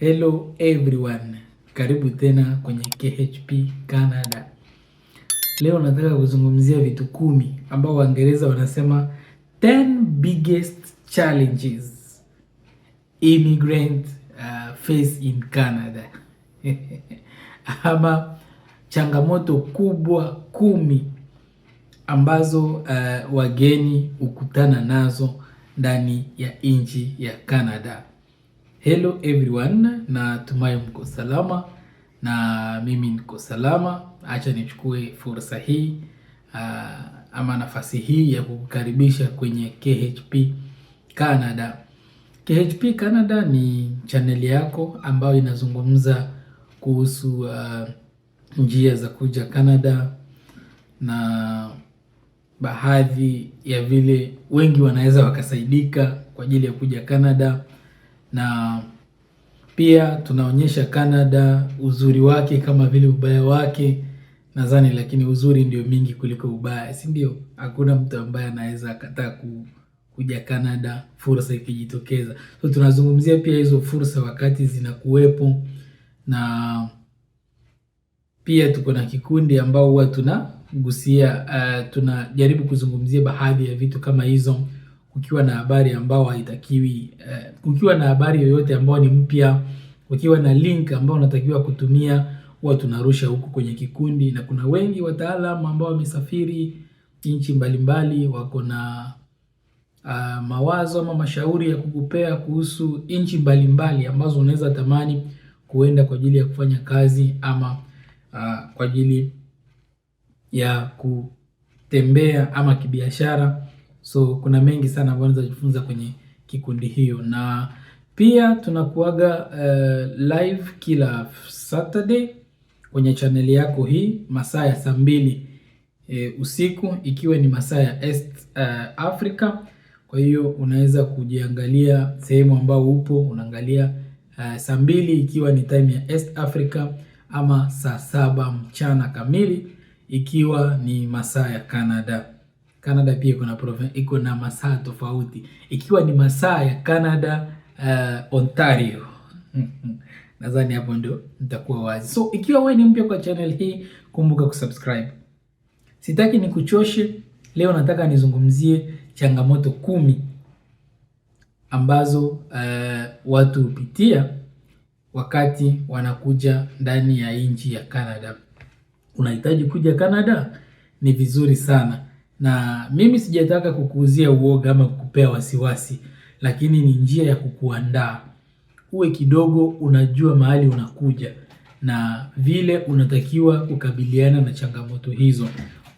Hello everyone, karibu tena kwenye KHP Canada. Leo nataka kuzungumzia vitu kumi ambao Waingereza wanasema 10 biggest challenges immigrant uh, face in Canada ama changamoto kubwa kumi ambazo uh, wageni hukutana nazo ndani ya nchi ya Canada. Hello everyone, na tumai mko salama na mimi niko salama. Acha nichukue fursa hii uh, ama nafasi hii ya kukukaribisha kwenye KHP Canada. KHP Canada ni chaneli yako ambayo inazungumza kuhusu uh, njia za kuja Canada na baadhi ya vile wengi wanaweza wakasaidika kwa ajili ya kuja Canada na pia tunaonyesha Canada uzuri wake kama vile ubaya wake nadhani, lakini uzuri ndio mingi kuliko ubaya, si ndio? Hakuna mtu ambaye anaweza akataa ku kuja Canada fursa ikijitokeza. So tunazungumzia pia hizo fursa wakati zinakuwepo, na pia tuko na kikundi ambao huwa tunagusia uh, tunajaribu kuzungumzia baadhi ya vitu kama hizo kukiwa na habari ambao haitakiwi eh, kukiwa na habari yoyote ambao ni mpya, kukiwa na link ambao unatakiwa kutumia, huwa tunarusha huku kwenye kikundi, na kuna wengi wataalamu ambao wamesafiri nchi mbalimbali, wako na uh, mawazo ama mashauri ya kukupea kuhusu nchi mbalimbali ambazo unaweza tamani kuenda kwa ajili ya kufanya kazi ama uh, kwa ajili ya kutembea ama kibiashara. So kuna mengi sana ambayo unaweza kujifunza kwenye kikundi hiyo, na pia tunakuaga uh, live kila Saturday kwenye chaneli yako hii masaa ya saa mbili e, usiku ikiwa ni masaa ya East uh, Africa. Kwa hiyo unaweza kujiangalia sehemu ambao upo unaangalia uh, saa mbili ikiwa ni time ya East Africa ama saa saba mchana kamili ikiwa ni masaa ya Canada. Canada pia iko na iko na masaa tofauti, ikiwa ni masaa ya Canada uh, Ontario mm-hmm. nadhani hapo ndio nitakuwa wazi. So ikiwa wewe ni mpya kwa channel hii, kumbuka kusubscribe. Sitaki nikuchoshe leo, nataka nizungumzie changamoto kumi ambazo uh, watu hupitia wakati wanakuja ndani ya nchi ya Canada. Unahitaji kuja Canada? Ni vizuri sana na mimi sijataka kukuuzia uoga ama kukupea wasiwasi, lakini ni njia ya kukuandaa uwe kidogo unajua mahali unakuja na vile unatakiwa kukabiliana na changamoto hizo.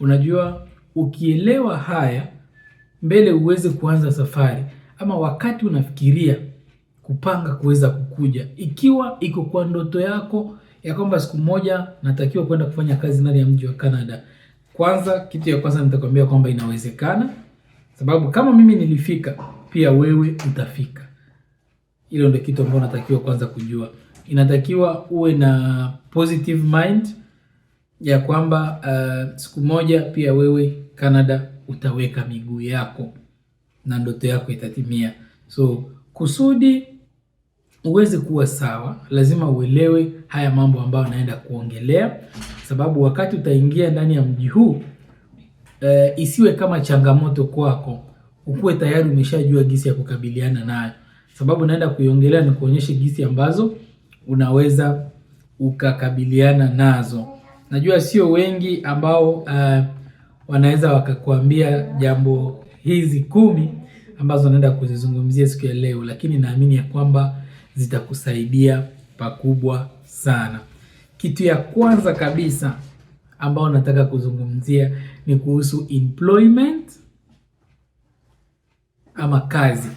Unajua, ukielewa haya mbele uweze kuanza safari ama wakati unafikiria kupanga kuweza kukuja, ikiwa iko kwa ndoto yako ya kwamba siku moja natakiwa kwenda kufanya kazi ndani ya mji wa Canada. Kwanza, kitu ya kwanza nitakwambia kwamba inawezekana, sababu kama mimi nilifika, pia wewe utafika. Hilo ndio kitu ambacho natakiwa kwanza kujua. Inatakiwa uwe na positive mind ya kwamba uh, siku moja pia wewe Canada utaweka miguu yako na ndoto yako itatimia. So kusudi uweze kuwa sawa, lazima uelewe haya mambo ambayo naenda kuongelea, sababu wakati utaingia ndani ya mji huu e, isiwe kama changamoto kwako, ukuwe tayari umeshajua gisi ya kukabiliana nayo, sababu naenda kuiongelea ni kuonyesha gisi ambazo unaweza ukakabiliana nazo. Najua sio wengi ambao uh, wanaweza wakakuambia jambo hizi kumi ambazo naenda kuzizungumzia siku ya leo, lakini naamini ya kwamba zitakusaidia pakubwa sana. Kitu ya kwanza kabisa ambayo nataka kuzungumzia ni kuhusu employment ama kazi.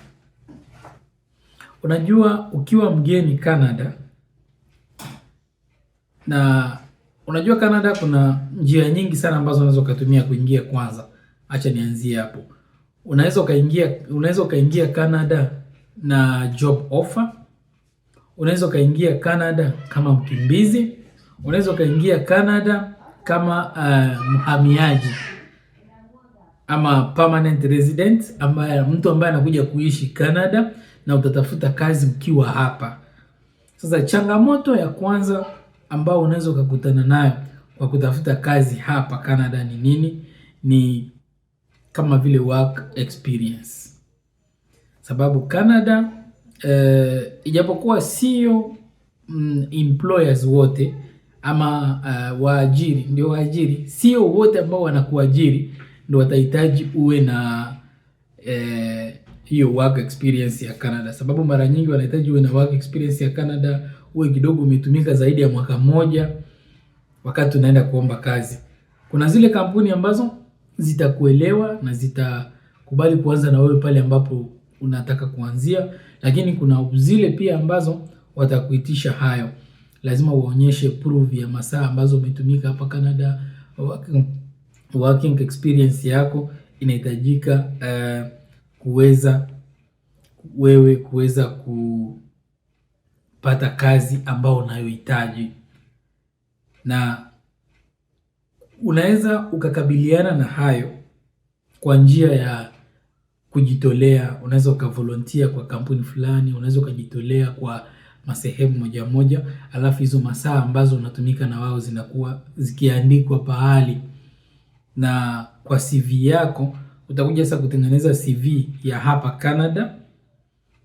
Unajua, ukiwa mgeni Canada, na unajua Canada kuna njia nyingi sana ambazo unaweza ukatumia kuingia. Kwanza acha nianzie hapo, unaweza ukaingia unaweza ukaingia Canada na job offer Unaweza ukaingia Canada kama mkimbizi, unaweza ukaingia Canada kama uh, mhamiaji ama permanent resident, ambaye mtu ambaye anakuja kuishi Canada na utatafuta kazi ukiwa hapa. Sasa changamoto ya kwanza ambao unaweza ukakutana nayo kwa kutafuta kazi hapa Canada ni nini? Ni kama vile work experience, sababu Canada uh, ijapokuwa sio mm, employers wote ama uh, waajiri ndio waajiri, sio wote ambao wanakuajiri ndio watahitaji uwe na eh, hiyo work experience ya Canada, sababu mara nyingi wanahitaji uwe na work experience ya Canada, uwe kidogo umetumika zaidi ya mwaka mmoja wakati unaenda kuomba kazi. Kuna zile kampuni ambazo zitakuelewa na zitakubali kuanza na wewe pale ambapo unataka kuanzia, lakini kuna zile pia ambazo watakuitisha hayo. Lazima uonyeshe proof ya masaa ambazo umetumika hapa Canada, working, experience yako inahitajika uh, kuweza wewe kuweza kupata kazi ambayo unayohitaji na unaweza ukakabiliana na hayo kwa njia ya kujitolea, unaweza ukavolontia kwa kampuni fulani, unaweza ukajitolea kwa masehemu moja moja, alafu hizo masaa ambazo unatumika na wao zinakuwa zikiandikwa pahali, na kwa CV yako utakuja sasa kutengeneza CV ya hapa Canada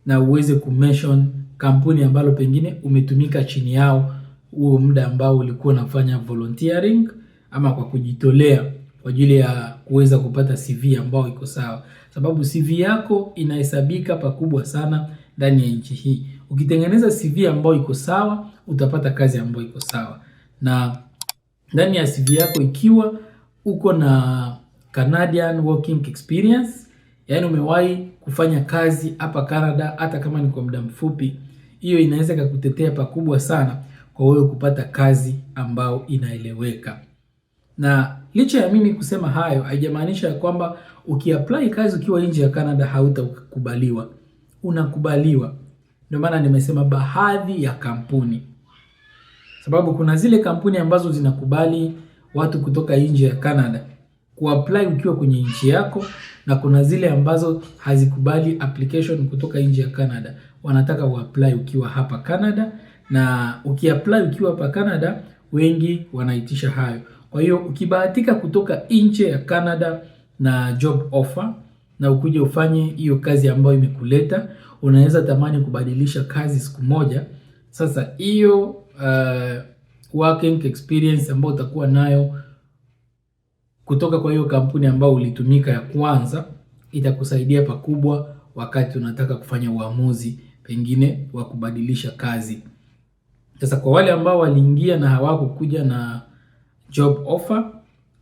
na uweze kumention kampuni ambalo pengine umetumika chini yao huo muda ambao ulikuwa unafanya volunteering ama kwa kujitolea kwa ajili ya kuweza kupata CV ambayo iko sawa, sababu CV yako inahesabika pakubwa sana ndani ya nchi hii. Ukitengeneza CV ambayo iko sawa, utapata kazi ambayo iko sawa. Na ndani ya CV yako ikiwa uko na Canadian working experience, yaani umewahi kufanya kazi hapa Canada, hata kama ni kwa muda mfupi, hiyo inaweza kukutetea pakubwa sana kwa wewe kupata kazi ambayo inaeleweka na Licha ya mimi kusema hayo, haijamaanisha ya kwamba ukiapply kazi ukiwa nje ya Canada hautakubaliwa. Unakubaliwa. Ndio maana nimesema baadhi ya kampuni, sababu kuna zile kampuni ambazo zinakubali watu kutoka nje ya Canada kuapply ukiwa kwenye nchi yako, na kuna zile ambazo hazikubali application kutoka nje ya Canada. Wanataka uapply ukiwa hapa Canada, na ukiapply ukiwa hapa Canada wengi wanaitisha hayo. Kwa hiyo ukibahatika kutoka nje ya Canada na job offer na ukuje ufanye hiyo kazi ambayo imekuleta, unaweza tamani kubadilisha kazi siku moja. Sasa hiyo uh, working experience ambayo utakuwa nayo kutoka kwa hiyo kampuni ambayo ulitumika ya kwanza itakusaidia pakubwa wakati unataka kufanya uamuzi pengine wa kubadilisha kazi. Sasa kwa wale ambao waliingia na hawakukuja na job offer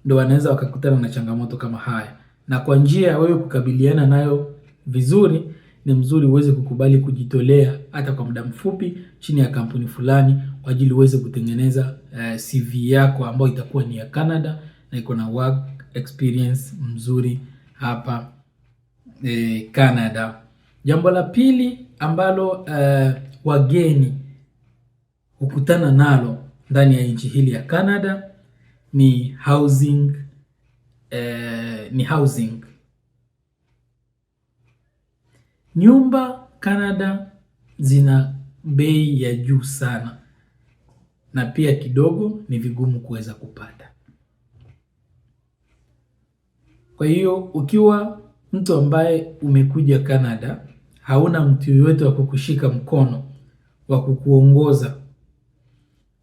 ndo wanaweza wakakutana na changamoto kama haya, na kwa njia ya wewe kukabiliana nayo vizuri ni mzuri uweze kukubali kujitolea hata kwa muda mfupi chini ya kampuni fulani kwa ajili uweze kutengeneza uh, eh, CV yako ambayo itakuwa ni ya Canada na iko na work experience mzuri hapa eh, Canada. Jambo la pili ambalo uh, wageni hukutana nalo ndani ya nchi hili ya Canada ni housing eh, ni housing. Nyumba Canada zina bei ya juu sana, na pia kidogo ni vigumu kuweza kupata. Kwa hiyo ukiwa mtu ambaye umekuja Canada, hauna mtu yoyote wa kukushika mkono wa kukuongoza,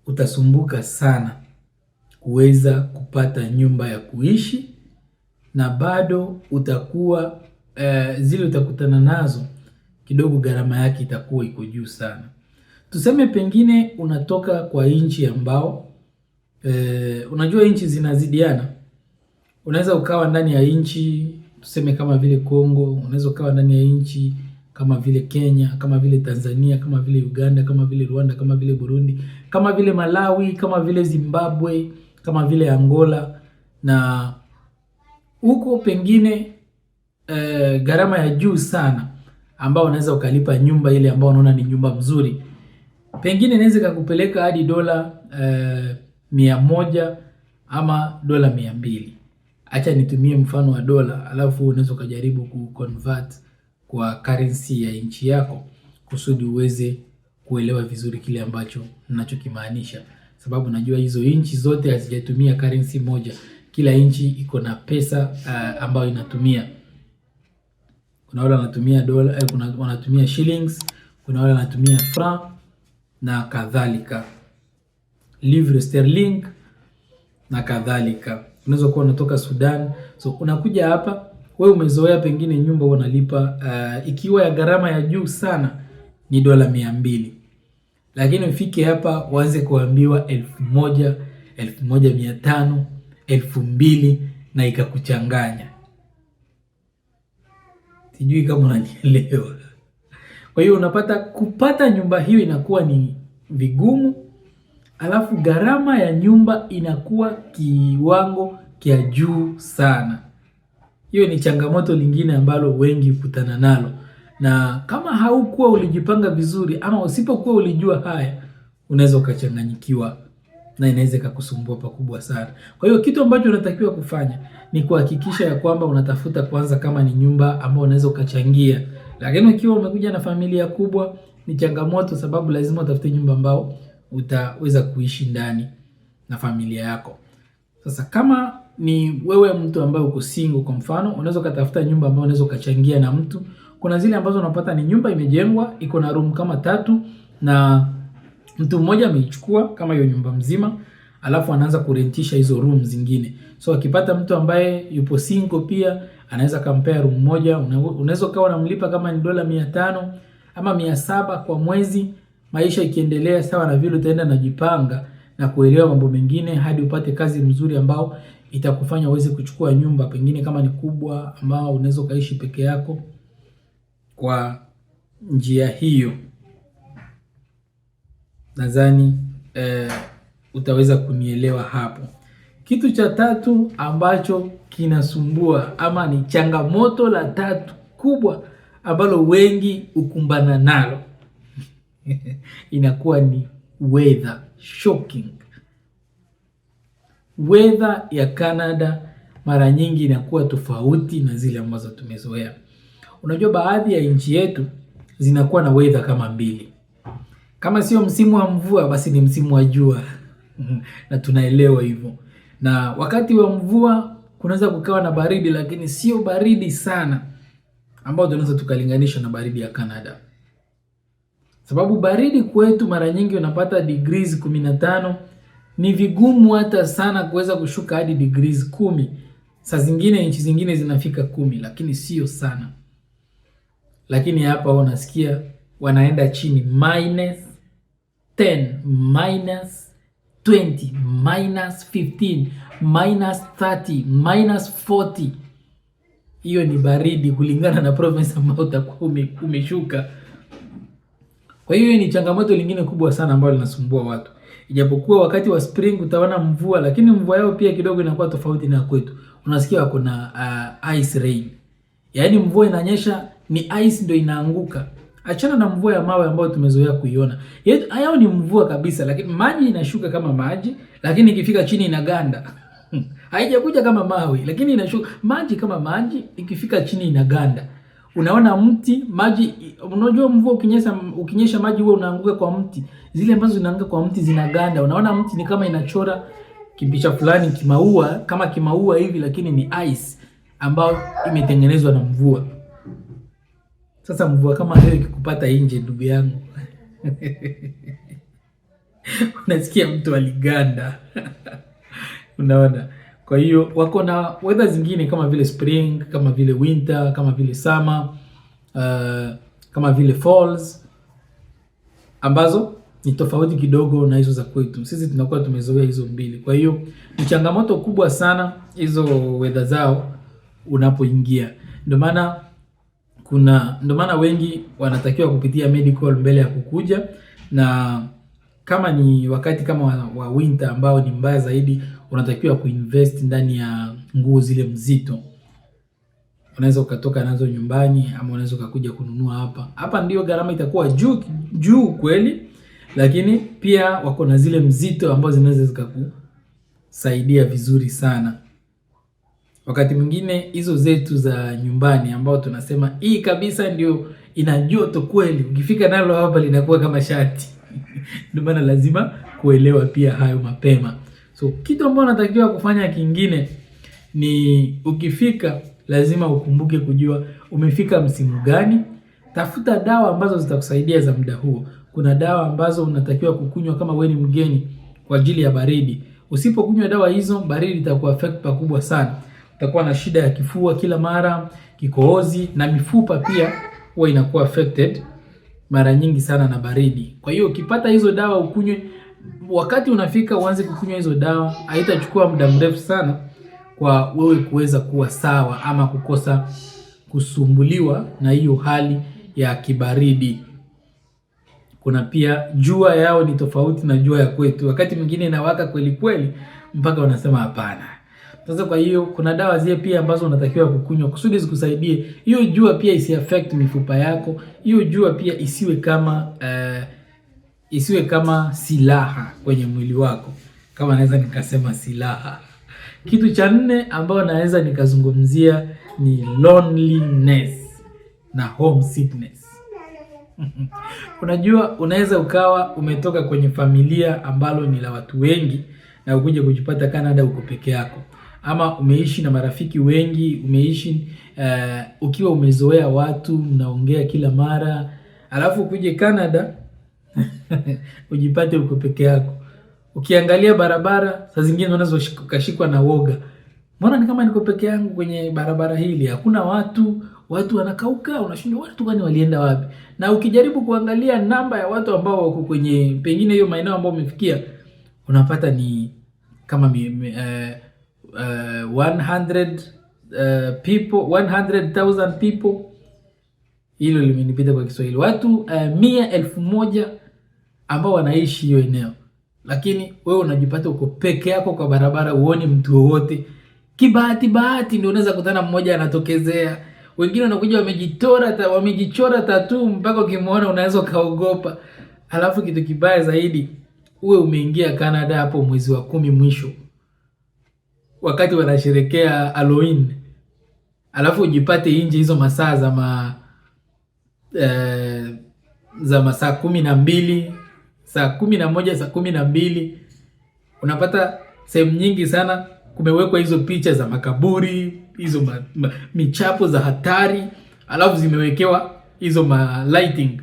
utasumbuka sana kuweza kupata nyumba ya kuishi na bado utakuwa eh, zile utakutana nazo kidogo gharama yake itakuwa iko juu sana. Tuseme pengine unatoka kwa nchi ambao eh, unajua nchi zinazidiana. Unaweza ukawa ndani ya nchi tuseme kama vile Kongo, unaweza ukawa ndani ya nchi kama vile Kenya, kama vile Tanzania, kama vile Uganda, kama vile Rwanda, kama vile Burundi, kama vile Malawi, kama vile Zimbabwe, kama vile Angola na huko pengine e, gharama ya juu sana ambao unaweza ukalipa nyumba ile ambao unaona ni nyumba mzuri, pengine inaweza ikakupeleka hadi dola e, mia moja ama dola mia mbili. Acha nitumie mfano wa dola, alafu unaweza ukajaribu kuconvert kwa currency ya nchi yako kusudi uweze kuelewa vizuri kile ambacho ninachokimaanisha sababu najua hizo nchi zote hazijatumia currency moja. Kila nchi iko na pesa uh, ambayo inatumia. Kuna wale wanatumia dola, eh, kuna wanatumia shillings, kuna wale wanatumia franc na kadhalika, livre sterling na kadhalika. Unaweza kuwa unatoka Sudan, so unakuja hapa wewe umezoea pengine nyumba unalipa uh, ikiwa ya gharama ya juu sana ni dola mia mbili lakini ufike hapa uanze kuambiwa elfu moja elfu moja mia tano elfu mbili na ikakuchanganya. Sijui kama unanielewa. Kwa hiyo unapata kupata nyumba hiyo inakuwa ni vigumu, alafu gharama ya nyumba inakuwa kiwango kia juu sana. Hiyo ni changamoto lingine ambalo wengi hukutana nalo na kama haukuwa ulijipanga vizuri ama usipokuwa ulijua haya, unaweza ukachanganyikiwa na inaweza ikakusumbua pakubwa sana. Kwa hiyo kitu ambacho unatakiwa kufanya ni kuhakikisha ya kwamba unatafuta kwanza, kama ni nyumba ambayo unaweza ukachangia. Lakini ukiwa umekuja na familia kubwa ni changamoto, sababu lazima utafute nyumba ambao utaweza kuishi ndani na familia yako. Sasa kama ni wewe mtu ambaye uko single, kwa mfano, unaweza ukatafuta nyumba ambayo unaweza ukachangia na mtu kuna zile ambazo unapata ni nyumba imejengwa iko na room kama tatu na mtu mmoja ameichukua kama hiyo nyumba mzima, alafu anaanza kurentisha hizo room zingine. So akipata mtu ambaye yupo single pia anaweza kampea room moja, unaweza ukawa unamlipa kama ni dola mia tano ama mia saba kwa mwezi. Maisha ikiendelea sawa na vile utaenda najipanga na kuelewa mambo mengine hadi upate kazi mzuri ambao itakufanya uweze kuchukua nyumba pengine kama ni kubwa, ambao unaweza ukaishi peke yako. Kwa njia hiyo nadhani eh, utaweza kunielewa hapo. Kitu cha tatu ambacho kinasumbua ama ni changamoto la tatu kubwa ambalo wengi hukumbana nalo inakuwa ni weather shocking. Weather ya Canada mara nyingi inakuwa tofauti na zile ambazo tumezoea. Unajua baadhi ya nchi yetu zinakuwa na weather kama mbili. Kama sio msimu wa mvua basi ni msimu wa jua. na tunaelewa hivyo. Na wakati wa mvua kunaweza kukawa na baridi lakini sio baridi sana ambayo tunaweza tukalinganisha na baridi ya Canada. Sababu baridi kwetu mara nyingi unapata degrees 15 ni vigumu hata sana kuweza kushuka hadi degrees kumi. Saa zingine nchi zingine zinafika kumi, lakini sio sana lakini hapa unasikia wanaenda chini minus 10 minus 20 minus 15 minus 30 minus 40. Hiyo ni baridi kulingana na province ambayo utakuwa umeshuka. Kwa hiyo ni changamoto lingine kubwa sana ambayo linasumbua watu, ijapokuwa wakati wa spring utaona mvua, lakini mvua yao pia kidogo inakuwa tofauti na kwetu. Unasikia wako na uh, ice rain, yaani mvua inanyesha ni ice ndio inaanguka. Achana na mvua ya mawe ambayo tumezoea kuiona. Yetu Hayo ni mvua kabisa, lakini maji inashuka kama maji, lakini ikifika chini inaganda. Hmm. Haijakuja kama mawe, lakini inashuka maji kama maji, ikifika chini inaganda. Unaona mti maji, unajua mvua ukinyesha, ukinyesha maji huwa unaanguka kwa mti, zile ambazo zinaanguka kwa mti zinaganda. Unaona mti ni kama inachora kipicha fulani kimaua, kama kimaua hivi, lakini ni ice ambayo imetengenezwa na mvua. Sasa mvua kama leo ikikupata nje, ndugu yangu unasikia mtu aliganda unaona. Kwa hiyo wako na weather zingine kama vile spring, kama vile winter, kama vile summer, uh, kama vile falls ambazo ni tofauti kidogo na hizo za kwetu. Sisi tunakuwa tumezoea hizo mbili, kwa hiyo ni changamoto kubwa sana hizo weather zao unapoingia, ndio maana kuna ndio maana wengi wanatakiwa kupitia medical mbele ya kukuja, na kama ni wakati kama wa, wa winter ambao ni mbaya zaidi, unatakiwa kuinvest ndani ya nguo zile mzito. Unaweza ukatoka nazo nyumbani ama unaweza ukakuja kununua hapa hapa. Ndio gharama itakuwa juu juu kweli, lakini pia wako na zile mzito ambazo zinaweza zikakusaidia vizuri sana. Wakati mwingine hizo zetu za nyumbani ambao tunasema hii kabisa ndio ina joto kweli, ukifika nalo hapa linakuwa kama shati ndio maana lazima kuelewa pia hayo mapema. So kitu ambacho natakiwa kufanya kingine ni ukifika, lazima ukumbuke kujua umefika msimu gani. Tafuta dawa ambazo zitakusaidia za muda huo. Kuna dawa ambazo unatakiwa kukunywa kama wewe ni mgeni kwa ajili ya baridi. Usipokunywa dawa hizo, baridi affect pakubwa sana atakuwa na shida ya kifua kila mara, kikohozi na mifupa pia huwa inakuwa affected mara nyingi sana na baridi. Kwa hiyo ukipata hizo dawa ukunywe wakati unafika uanze kukunywa hizo dawa, haitachukua muda mrefu sana kwa wewe kuweza kuwa sawa ama kukosa kusumbuliwa na hiyo hali ya kibaridi. Kuna pia jua yao ni tofauti na jua ya kwetu, wakati mwingine inawaka kweli kweli mpaka unasema hapana. Sasa kwa hiyo kuna dawa zile pia ambazo unatakiwa kukunywa kusudi zikusaidie. Hiyo jua pia isi affect mifupa yako. Hiyo jua pia isiwe kama uh, isiwe kama silaha kwenye mwili wako. Kama naweza nikasema silaha. Kitu cha nne ambayo naweza nikazungumzia ni loneliness na homesickness. Unajua, unaweza ukawa umetoka kwenye familia ambalo ni la watu wengi na ukuje kujipata Canada uko peke yako ama umeishi na marafiki wengi, umeishi uh, ukiwa umezoea watu mnaongea kila mara, alafu kuje Canada ujipate uko peke yako, ukiangalia barabara saa zingine unaweza ukashikwa na woga, mbona ni kama niko peke yangu kwenye barabara hili, hakuna watu watu wanakauka, unashindwa watu gani walienda wapi? Na ukijaribu kuangalia namba ya watu ambao wako kwenye pengine hiyo maeneo ambayo umefikia, unapata ni kama mi, mi, eh, 100,000 uh, uh, people. Hilo limenipita kwa Kiswahili, watu uh, mia elfu moja ambao wanaishi hiyo eneo, lakini wewe unajipata uko peke yako kwa barabara, uoni mtu wowote. Kibahati bahati ndio unaweza kutana, mmoja anatokezea, wengine wanakuja wamejitora ta, wamejichora tatu mpaka ukimwona unaweza ukaogopa. Alafu kitu kibaya zaidi, uwe umeingia Canada hapo mwezi wa kumi mwisho wakati wanasherekea Halloween alafu ujipate nje hizo masaa za ma eh, za masaa kumi na mbili saa kumi na moja saa kumi na mbili unapata sehemu nyingi sana kumewekwa hizo picha za makaburi hizo ma, ma, michapo za hatari alafu zimewekewa hizo ma lighting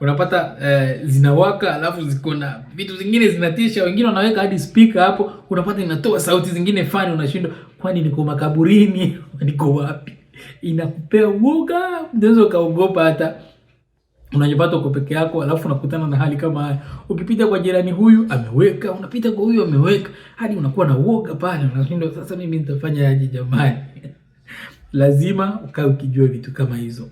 unapata eh, zinawaka alafu ziko na vitu zingine zinatisha, wengine wanaweka hadi speaker hapo, unapata inatoa sauti zingine fani, unashindwa kwani niko makaburini niko wapi? Inakupea uoga, unaweza ukaogopa hata unajipata uko peke yako, alafu unakutana na hali kama haya. Ukipita kwa jirani, huyu ameweka, unapita kwa huyu ameweka, hadi unakuwa na uoga pale, unashindwa sasa, mimi nitafanya aje jamani? Lazima ukae ukijua vitu kama hizo.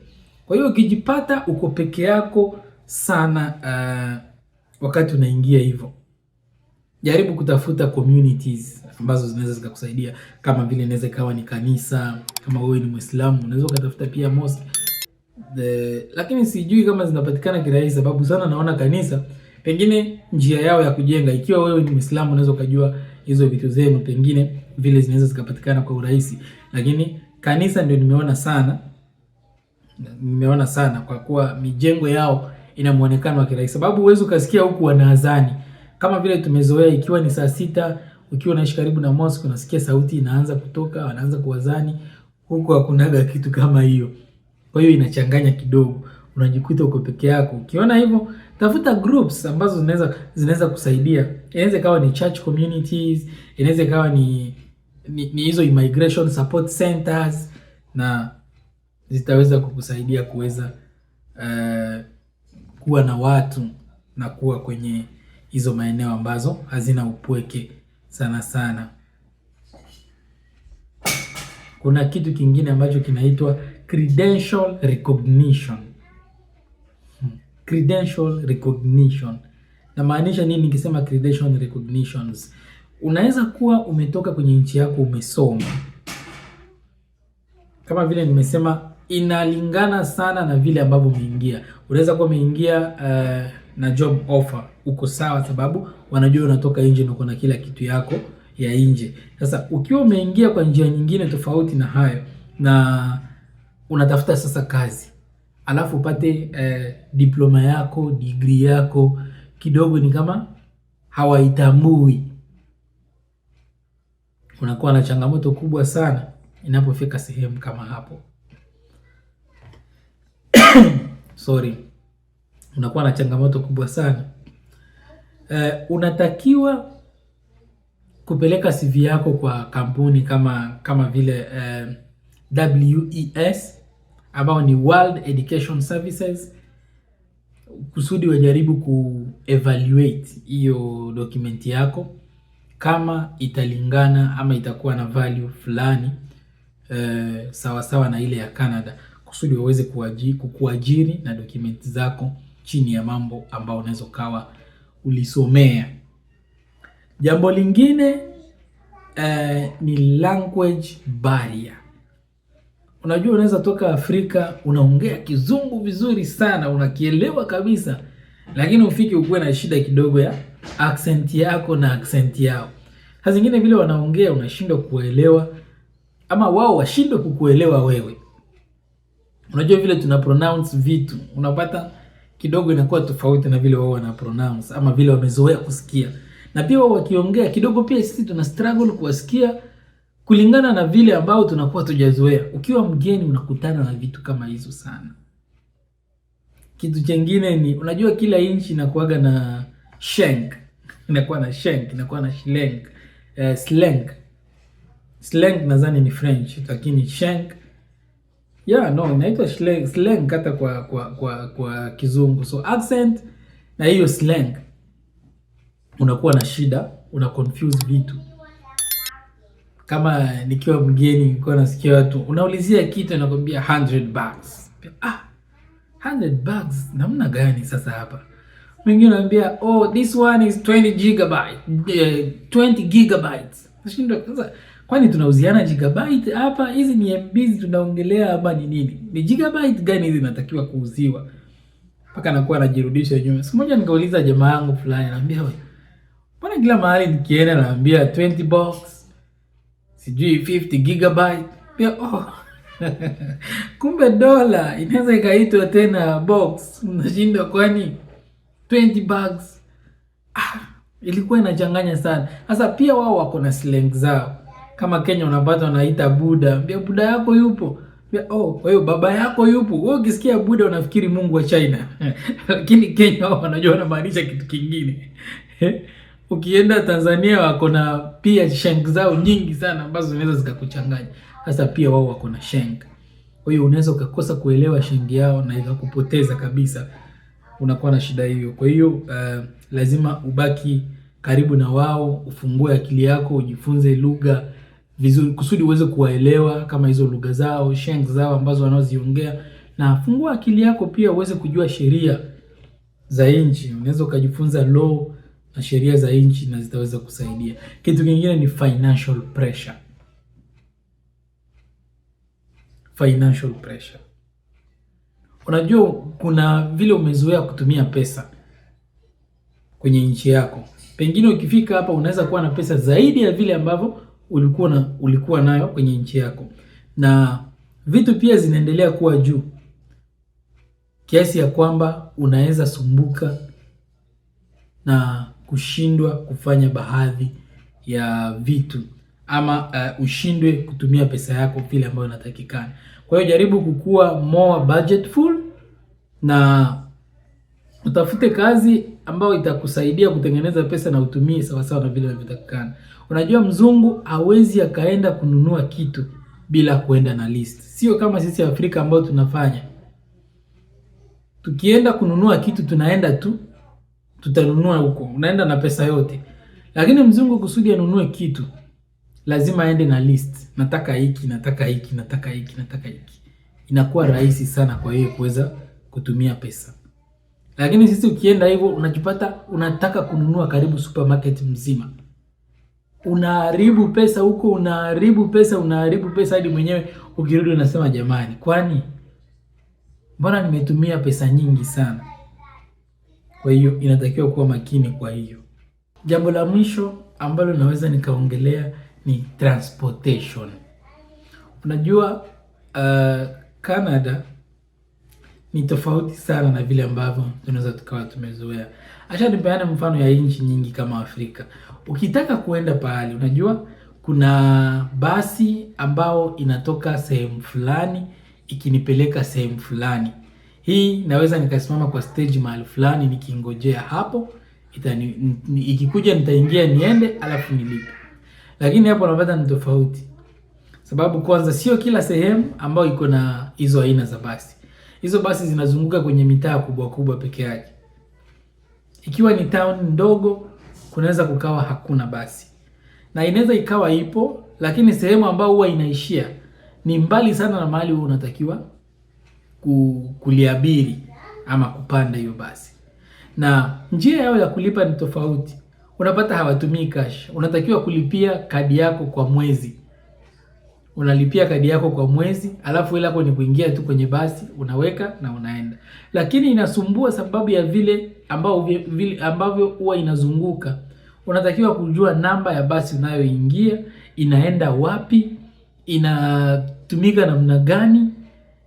Kwa hiyo ukijipata uko peke yako sana uh, wakati unaingia hivyo, jaribu kutafuta communities ambazo zinaweza zikakusaidia, kama vile inaweza ikawa ni kanisa. Kama wewe ni Muislamu unaweza ukatafuta pia mosque the, lakini sijui kama zinapatikana kirahisi, sababu sana naona kanisa pengine njia yao ya kujenga. Ikiwa wewe ni Muislamu unaweza ukajua hizo vitu zenu, pengine vile zinaweza zikapatikana kwa urahisi, lakini kanisa ndio nimeona sana nimeona sana kwa kuwa mijengo yao ina muonekano wa kirahisi, sababu huwezi ukasikia huku wanaadhani kama vile tumezoea. Ikiwa ni saa sita, ukiwa unaishi karibu na mosque, unasikia sauti inaanza kutoka, wanaanza kuadhani. Huku hakunaga kitu kama hiyo, kwa hiyo inachanganya kidogo, unajikuta uko peke yako. Ukiona hivyo, tafuta groups ambazo zinaweza zinaweza kusaidia. Inaweza ikawa ni church communities, inaweza ikawa ni ni hizo immigration support centers na zitaweza kukusaidia kuweza uh, kuwa na watu na kuwa kwenye hizo maeneo ambazo hazina upweke sana sana. Kuna kitu kingine ambacho kinaitwa credential recognition. Hmm. Credential recognition. Na maanisha nini nikisema credential recognitions? Unaweza kuwa umetoka kwenye nchi yako umesoma. Kama vile nimesema inalingana sana na vile ambavyo umeingia. Unaweza kuwa umeingia uh, na job offer, uko sawa, sababu wanajua unatoka nje na uko na kila kitu yako ya nje. Sasa ukiwa umeingia kwa njia nyingine tofauti na hayo na unatafuta sasa kazi alafu upate eh, diploma yako degree yako kidogo ni kama hawaitambui, unakuwa na changamoto kubwa sana inapofika sehemu kama hapo. sorry, unakuwa na changamoto kubwa sana. Uh, unatakiwa kupeleka CV yako kwa kampuni kama kama vile uh, eh, WES ambao ni World Education Services kusudi wajaribu kuevaluate hiyo dokumenti yako kama italingana ama itakuwa na value fulani uh, sawasawa na ile ya Canada kusudi waweze kukuajiri na document zako chini ya mambo ambayo unaweza ukawa ulisomea. Jambo lingine eh, ni language barrier. Unajua, unaweza toka Afrika unaongea kizungu vizuri sana unakielewa kabisa, lakini ufike ukuwe na shida kidogo ya accent yako na accent yao. Saa zingine vile wanaongea unashindwa kuelewa, ama wao washindwe kukuelewa wewe. Unajua vile tuna pronounce vitu, unapata kidogo inakuwa tofauti na vile wao wana pronounce ama vile wamezoea kusikia. Na pia wao wakiongea kidogo, pia sisi tuna struggle kuwasikia kulingana na vile ambao tunakuwa tujazoea. Ukiwa mgeni unakutana na vitu kama hizo sana. Kitu chengine ni unajua, kila inchi inakuwaga na shank, inakuwa na shank, inakuwa na shileng, uh, eh, slang. Slang nadhani ni French, lakini shank Yeah, no, inaitwa slang, slang hata kwa kwa kwa kwa Kizungu. So accent na hiyo slang unakuwa na shida, una confuse vitu. Kama nikiwa mgeni nilikuwa nasikia watu unaulizia kitu nakwambia 100 bucks. Ah, 100 bucks namna gani sasa hapa? Mwingine anambia oh this one is 20 gigabyte, 20 eh, gigabytes. Nashindwa sasa Kwani tunauziana gigabyte hapa? Hizi ni MB tunaongelea hapa ni nini? Ni gigabyte gani hizi natakiwa kuuziwa? Mpaka nakuwa najirudisha nyuma. Siku moja nikauliza jamaa yangu fulani, naambia wewe, mbona kila mahali nikienda naambia 20 box sijui 50 gigabyte pia oh. Kumbe dola inaweza ikaitwa tena box, unashindwa kwani 20 bags. Ah, ilikuwa inachanganya sana. Sasa pia wao wako na slang zao kama Kenya unapata unaita Buda, ambia Buda yako yupo. Ambia, oh, kwa hiyo baba yako yupo. Wewe ukisikia Buda unafikiri Mungu wa China. Lakini Kenya wao wanajua wanamaanisha kitu kingine. Ukienda Tanzania wako na pia shank zao nyingi sana ambazo zinaweza zikakuchanganya. Sasa pia wao wako na shank. Kwa hiyo unaweza ukakosa kuelewa shank yao na ikakupoteza kabisa. Unakuwa na shida hiyo. Kwa hiyo uh, lazima ubaki karibu na wao, ufungue akili yako, ujifunze lugha vizuri kusudi uweze kuwaelewa kama hizo lugha zao shengs zao ambazo wanaoziongea, na fungua akili yako pia uweze kujua sheria za nchi. Unaweza ukajifunza law na sheria za nchi na zitaweza kusaidia. Kitu kingine ni financial pressure. Financial pressure, unajua kuna vile umezoea kutumia pesa kwenye nchi yako, pengine ukifika hapa unaweza kuwa na pesa zaidi ya vile ambavyo ulikuwa na ulikuwa nayo kwenye nchi yako, na vitu pia zinaendelea kuwa juu kiasi ya kwamba unaweza sumbuka na kushindwa kufanya baadhi ya vitu ama uh, ushindwe kutumia pesa yako vile ambayo inatakikana. Kwa hiyo jaribu kukuwa more budgetful na utafute kazi ambayo itakusaidia kutengeneza pesa na utumie sawasawa na vile inavyotakikana. Unajua mzungu hawezi akaenda kununua kitu bila kuenda na list. Sio kama sisi Afrika ambao tunafanya tukienda kununua kitu tunaenda tu tutanunua huko, unaenda na pesa yote. Lakini mzungu kusudi anunue kitu lazima aende na list, nataka hiki, nataka hiki, nataka hiki, nataka hiki. Inakuwa rahisi sana kwa yeye kuweza kutumia pesa. Lakini sisi ukienda hivyo unajipata unataka kununua karibu supermarket mzima. Unaharibu pesa huko, unaharibu pesa, unaharibu pesa hadi mwenyewe ukirudi unasema jamani, kwani mbona nimetumia pesa nyingi sana? Kwa hiyo inatakiwa kuwa makini. Kwa hiyo jambo la mwisho ambalo naweza nikaongelea ni transportation. Unajua uh, Canada ni tofauti sana na vile ambavyo tunaweza tukawa tumezoea. Acha nipeane mfano ya nchi nyingi kama Afrika. Ukitaka kuenda pahali, unajua kuna basi ambao inatoka sehemu fulani ikinipeleka sehemu fulani. Hii naweza nikasimama kwa stage mahali fulani nikingojea hapo itani, ikikuja nitaingia niende alafu nilipe. Lakini hapo unapata ni tofauti. Sababu kwanza sio kila sehemu ambayo iko na hizo aina za basi. Hizo basi zinazunguka kwenye mitaa kubwa kubwa peke yake. Ikiwa ni town ndogo, kunaweza kukawa hakuna basi, na inaweza ikawa ipo, lakini sehemu ambayo huwa inaishia ni mbali sana na mahali wewe unatakiwa kuliabiri ama kupanda hiyo basi, na njia yao ya kulipa ni tofauti. Unapata hawatumii cash, unatakiwa kulipia kadi yako kwa mwezi unalipia kadi yako kwa mwezi, alafu ile yako ni kuingia tu kwenye basi unaweka na unaenda. Lakini inasumbua sababu ya vile ambao vile ambavyo huwa inazunguka. Unatakiwa kujua namba ya basi unayoingia, inaenda wapi, inatumika namna gani.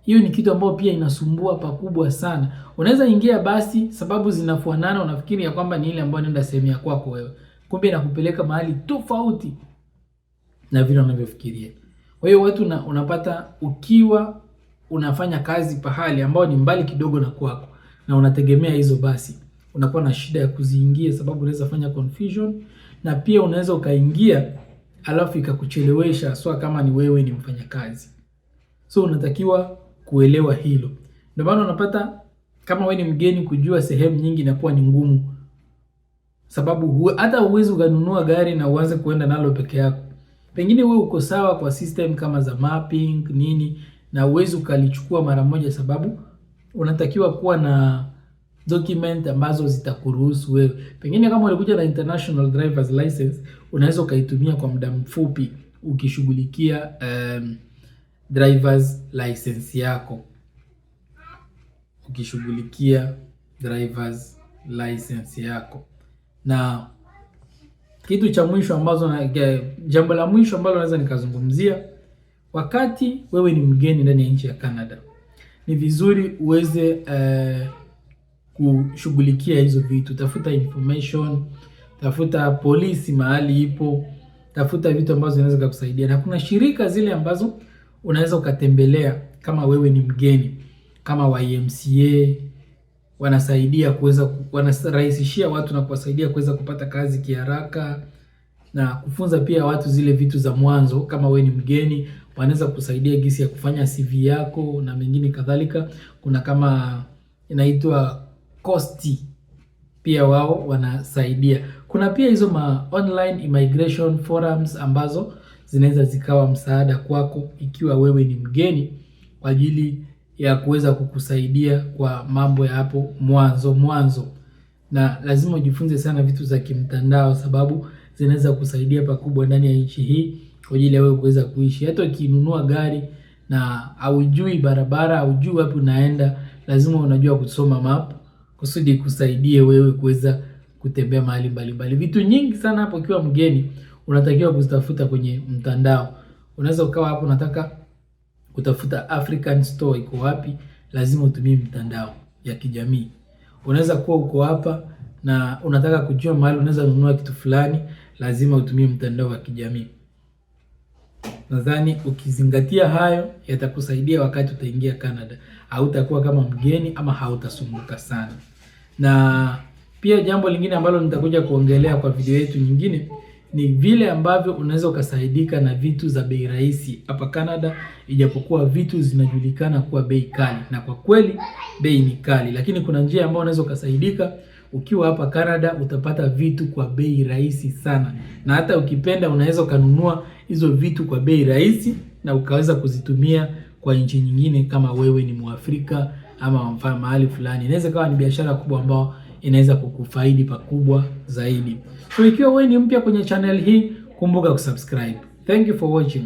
Hiyo ni kitu ambayo pia inasumbua pakubwa sana. Unaweza ingia basi sababu zinafuanana, unafikiri ya kwamba ni ile ambayo inaenda sehemu ya kwako wewe, kumbe inakupeleka mahali tofauti na vile unavyofikiria. Kwa hiyo watu na, unapata ukiwa unafanya kazi pahali ambao ni mbali kidogo na kwako na unategemea hizo basi, unakuwa na shida ya kuziingia, sababu unaweza fanya confusion, na pia unaweza ukaingia alafu ikakuchelewesha haswa kama ni wewe ni mfanyakazi. So unatakiwa kuelewa hilo. Ndio maana unapata kama wewe ni mgeni, kujua sehemu nyingi inakuwa ni ngumu, sababu hata huwezi ukanunua gari na uanze kuenda nalo peke yako. Pengine wewe uko sawa kwa system kama za mapping nini, na uwezi ukalichukua mara moja, sababu unatakiwa kuwa na document ambazo zitakuruhusu wewe. Pengine kama ulikuja na international drivers license, unaweza ukaitumia kwa muda mfupi ukishughulikia um, drivers license yako, ukishughulikia drivers license yako na kitu cha mwisho ambazo na jambo la mwisho ambalo naweza nikazungumzia, wakati wewe ni mgeni ndani ya nchi ya Canada, ni vizuri uweze uh, kushughulikia hizo vitu. Tafuta information, tafuta polisi mahali ipo, tafuta vitu ambazo zinaweza kukusaidia, na kuna shirika zile ambazo unaweza ukatembelea kama wewe ni mgeni, kama YMCA wanasaidia kuweza wanarahisishia watu na kuwasaidia kuweza kupata kazi kiharaka na kufunza pia watu zile vitu za mwanzo. Kama we ni mgeni, wanaweza kusaidia gisi ya kufanya CV yako na mengine kadhalika. Kuna kama inaitwa Costi, pia wao wanasaidia. Kuna pia hizo ma online immigration forums ambazo zinaweza zikawa msaada kwako ikiwa wewe ni mgeni kwa ajili ya kuweza kukusaidia kwa mambo ya hapo mwanzo mwanzo, na lazima ujifunze sana vitu za kimtandao, sababu zinaweza kusaidia pakubwa ndani ya nchi hii kwa ajili ya wewe kuweza kuishi. Hata ukinunua gari na haujui barabara, haujui wapi unaenda, lazima unajua kusoma map kusudi kusaidie wewe kuweza kutembea mahali mbalimbali. Vitu nyingi sana hapo, ukiwa mgeni unatakiwa kuzitafuta kwenye mtandao. Unaweza ukawa hapo unataka kutafuta African store iko wapi, lazima utumie mtandao ya kijamii. Unaweza kuwa uko hapa na unataka kujua mahali unaweza kununua kitu fulani, lazima utumie mtandao wa kijamii. Nadhani ukizingatia hayo yatakusaidia wakati utaingia Canada, hautakuwa kama mgeni ama hautasumbuka sana. Na pia jambo lingine ambalo nitakuja kuongelea kwa video yetu nyingine ni vile ambavyo unaweza ukasaidika na vitu za bei rahisi hapa Canada, ijapokuwa vitu zinajulikana kuwa bei kali, na kwa kweli bei ni kali, lakini kuna njia ambayo unaweza ukasaidika ukiwa hapa Canada. Utapata vitu kwa bei rahisi sana, na hata ukipenda unaweza ukanunua hizo vitu kwa bei rahisi na ukaweza kuzitumia kwa nchi nyingine, kama wewe ni Mwafrika ama mfano mahali fulani, inaweza kawa ni biashara kubwa ambao inaweza kukufaidi pakubwa zaidi. So ikiwa wewe ni mpya kwenye channel hii, kumbuka kusubscribe. Thank you for watching.